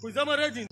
Ku zama rajin.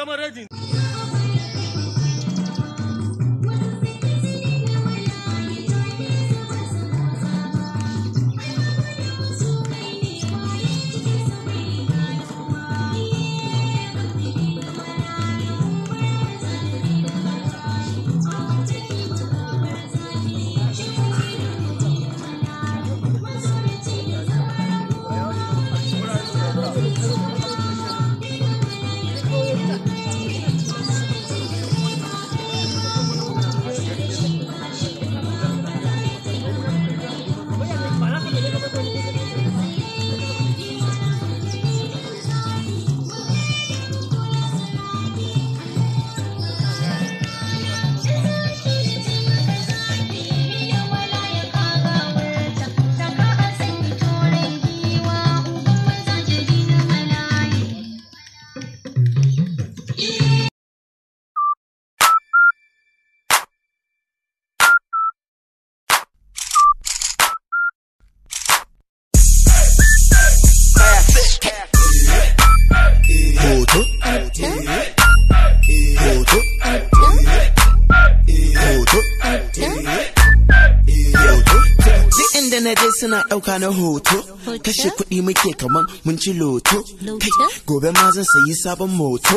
Camaradinho. Jiya na suna ɗauka na hoto, kashe kuɗi muke kaman mun ci loto. Gobe ma zan sayi sabon moto,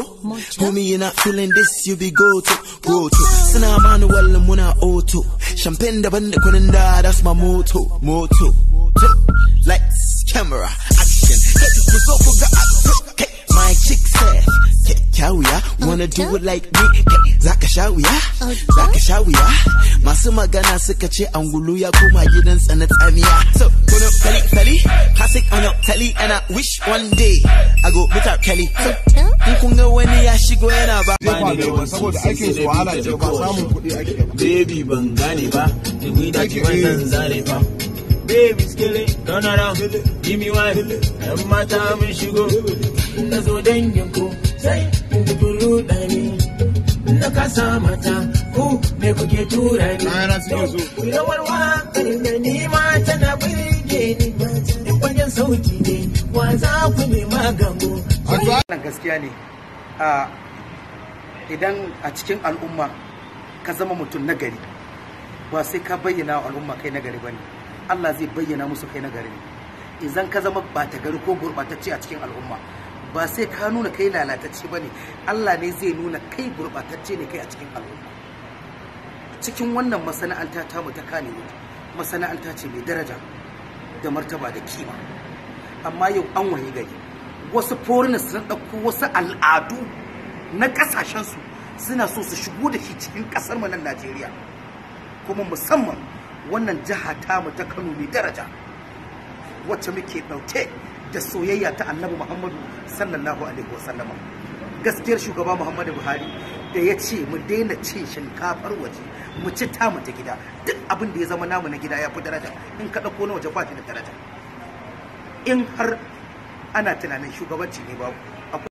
homie yana feeling this you be go to, go to. Suna mani wallin muna oto, champagne daban da kunin da that's my moto, moto. Lights, camera, action, ku zo ku ga kai. wanna do it like me zaka sha wuya zaka sha wuya masu magana suka ce angulu ya koma gidan na tsamiya so kono kali kali classic on your telly and I wish one day I go meet up Kelly so in kun ga wani ya shigo yana ba ba ne ba saboda aikin su wahala ce ba samun kuɗi ake ba baby ban gane ba ni da ki wannan zare eh. ba baby skele turn around give me one yan mata mun shigo na zo dangin ku sai bulu ɗani na kasa mata ku me kuke tura ni rawar waƙar da ni ma tana birge ni duk wajen sauti ne wa za ku ne magamu wannan gaskiya ne idan a cikin al'umma ka zama mutum nagari ba sai ka bayyana al'umma kai nagari ba ne Allah zai bayyana musu kai nagari ne idan ka zama ba ta gari ko gurɓatacce a cikin al'umma ba sai ka nuna kai lalatacce ba ne allah ne zai nuna kai gurɓatacce ne kai a cikin al'umma cikin wannan masana'anta ta mu ta kane masana'anta ce mai daraja da martaba da kima amma yau an waye gari wasu forina sun ɗauko wasu al'adu na ƙasashensu suna so su shigo da shi cikin ƙasar mu nan najeriya kuma musamman wannan jiha mu ta kano mai daraja wacce muke ɗauke da soyayya ta annabi muhammadu sallallahu alaihi wasallam gaskiyar shugaba muhammadu buhari da ya ce mu daina ce shinkafar waje mu ci tamu ta gida duk abin da ya zama namu na gida ya fi daraja in ka ɗauko na waje ba da daraja in har ana tunanin shugabanci ne babu